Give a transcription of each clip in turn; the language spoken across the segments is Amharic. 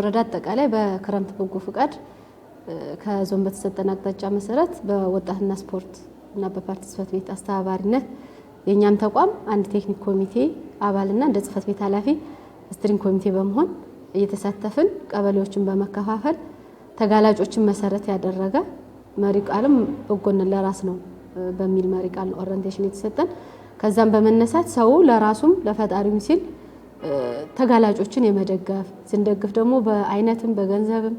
ወረዳ አጠቃላይ በክረምት በጎ ፍቃድ ከዞን በተሰጠን አቅጣጫ መሰረት በወጣትና ስፖርት እና በፓርቲ ጽህፈት ቤት አስተባባሪነት የእኛም ተቋም አንድ ቴክኒክ ኮሚቴ አባልና እንደ ጽህፈት ቤት ኃላፊ ስትሪንግ ኮሚቴ በመሆን እየተሳተፍን ቀበሌዎችን በመከፋፈል ተጋላጮችን መሰረት ያደረገ መሪ ቃልም በጎን ለራስ ነው በሚል መሪ ቃል ኦሪንቴሽን የተሰጠን። ከዛም በመነሳት ሰው ለራሱም ለፈጣሪም ሲል ተጋላጮችን የመደገፍ ስንደግፍ ደግሞ በአይነትም በገንዘብም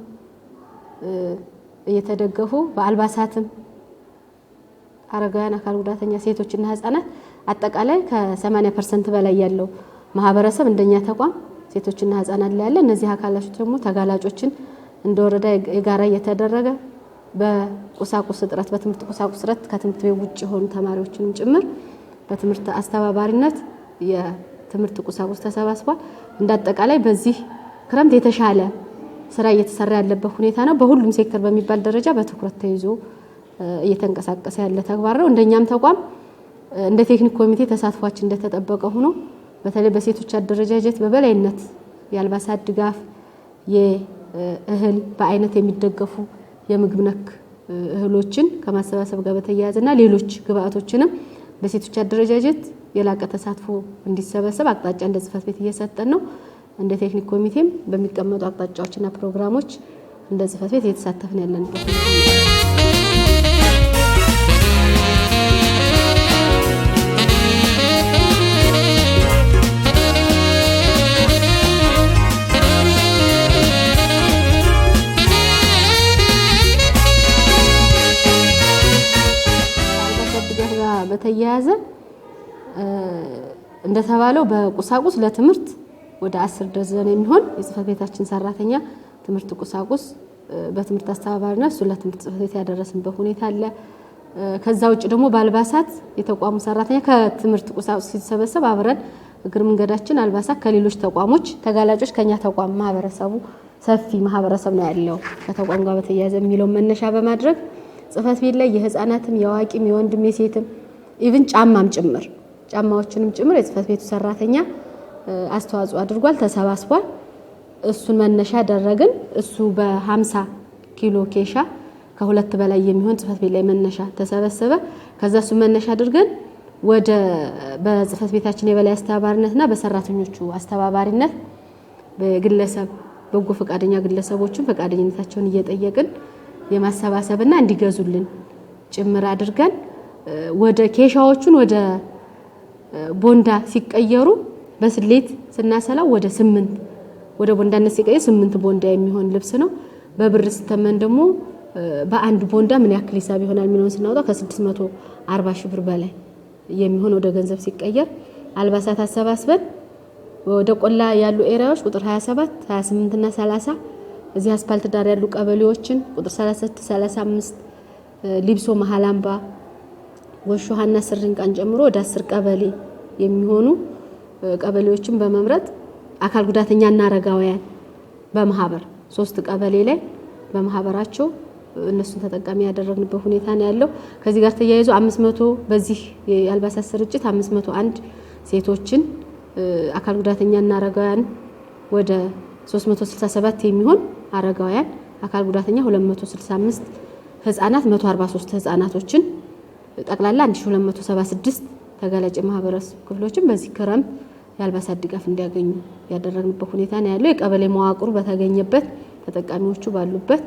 እየተደገፉ በአልባሳትም አረጋውያን፣ አካል ጉዳተኛ፣ ሴቶችና ህጻናት አጠቃላይ ከ80 ፐርሰንት በላይ ያለው ማህበረሰብ እንደኛ ተቋም ሴቶችና ህጻናት ላይ ያለ እነዚህ አካላቶች ደግሞ ተጋላጮችን እንደ ወረዳ የጋራ እየተደረገ በቁሳቁስ እጥረት በትምህርት ቁሳቁስ እጥረት ከትምህርት ቤት ውጭ የሆኑ ተማሪዎችንም ጭምር በትምህርት አስተባባሪነት ትምህርት ቁሳቁስ ተሰባስቧል። እንዳጠቃላይ በዚህ ክረምት የተሻለ ስራ እየተሰራ ያለበት ሁኔታ ነው። በሁሉም ሴክተር በሚባል ደረጃ በትኩረት ተይዞ እየተንቀሳቀሰ ያለ ተግባር ነው። እንደኛም ተቋም እንደ ቴክኒክ ኮሚቴ ተሳትፏችን እንደተጠበቀ ሆኖ በተለይ በሴቶች አደረጃጀት በበላይነት የአልባሳት ድጋፍ፣ የእህል በአይነት የሚደገፉ የምግብ ነክ እህሎችን ከማሰባሰብ ጋር በተያያዘ እና ሌሎች ግብአቶችንም በሴቶች አደረጃጀት የላቀ ተሳትፎ እንዲሰበሰብ አቅጣጫ እንደ ጽህፈት ቤት እየሰጠን ነው። እንደ ቴክኒክ ኮሚቴም በሚቀመጡ አቅጣጫዎችና ፕሮግራሞች እንደ ጽህፈት ቤት እየተሳተፍን ያለንበት በተያያዘ እንደተባለው በቁሳቁስ ለትምህርት ወደ አስር ደርዘን የሚሆን የጽህፈት ቤታችን ሰራተኛ ትምህርት ቁሳቁስ በትምህርት አስተባባሪና እሱን ለትምህርት ጽህፈት ቤት ያደረስንበት ሁኔታ አለ። ከዛ ውጭ ደግሞ በአልባሳት የተቋሙ ሰራተኛ ከትምህርት ቁሳቁስ ሲሰበሰብ አብረን እግር መንገዳችን አልባሳት ከሌሎች ተቋሞች ተጋላጮች ከኛ ተቋም ማህበረሰቡ ሰፊ ማህበረሰብ ነው ያለው ከተቋም ጋር በተያያዘ የሚለው መነሻ በማድረግ ጽህፈት ቤት ላይ የህፃናትም የአዋቂም የወንድም የሴትም ኢቭን ጫማም ጭምር ጫማዎችንም ጭምር የጽህፈት ቤቱ ሰራተኛ አስተዋጽኦ አድርጓል፣ ተሰባስቧል። እሱን መነሻ ያደረግን እሱ በ50 ኪሎ ኬሻ ከሁለት በላይ የሚሆን ጽህፈት ቤት ላይ መነሻ ተሰበሰበ። ከዛ እሱ መነሻ አድርገን ወደ በጽህፈት ቤታችን የበላይ አስተባባሪነትና በሰራተኞቹ አስተባባሪነት በግለሰብ በጎ ፈቃደኛ ግለሰቦችን ፈቃደኝነታቸውን እየጠየቅን የማሰባሰብና እንዲገዙልን ጭምር አድርገን ወደ ኬሻዎቹን ወደ ቦንዳ ሲቀየሩ በስሌት ስናሰላው ወደ ስምንት ወደ ቦንዳነት ሲቀየር ስምንት ቦንዳ የሚሆን ልብስ ነው። በብር ስተመን ደግሞ በአንድ ቦንዳ ምን ያክል ሂሳብ ይሆናል የሚለውን ስናወጣው ከ640 ሺህ ብር በላይ የሚሆን ወደ ገንዘብ ሲቀየር አልባሳት አሰባስበን ወደ ቆላ ያሉ ኤሪያዎች ቁጥር 27፣ 28 እና 30 እዚህ አስፓልት ዳር ያሉ ቀበሌዎችን ቁጥር 36፣ 35 ሊብሶ መሀል አምባ ወሹሃና ሀና ስሪንቃን ጨምሮ ወደ አስር ቀበሌ የሚሆኑ ቀበሌዎችን በመምረጥ አካል ጉዳተኛና አረጋውያን በማህበር ሶስት ቀበሌ ላይ በማህበራቸው እነሱን ተጠቃሚ ያደረግንበት ሁኔታ ነው ያለው። ከዚህ ጋር ተያይዞ 500 በዚህ የአልባሳት ስርጭት 501 ሴቶችን አካል ጉዳተኛና አረጋውያን ወደ 367 የሚሆን አረጋውያን አካል ጉዳተኛ 265 ህጻናት 143 ህጻናቶችን ጠቅላላ 1276 ተጋላጭ ማህበረሰብ ክፍሎችን በዚህ ክረምት የአልባሳት ድጋፍ እንዲያገኙ ያደረግንበት ሁኔታ ነው ያለው። የቀበሌ መዋቅሩ በተገኘበት ተጠቃሚዎቹ ባሉበት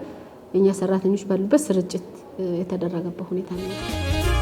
የእኛ ሰራተኞች ባሉበት ስርጭት የተደረገበት ሁኔታ ነው።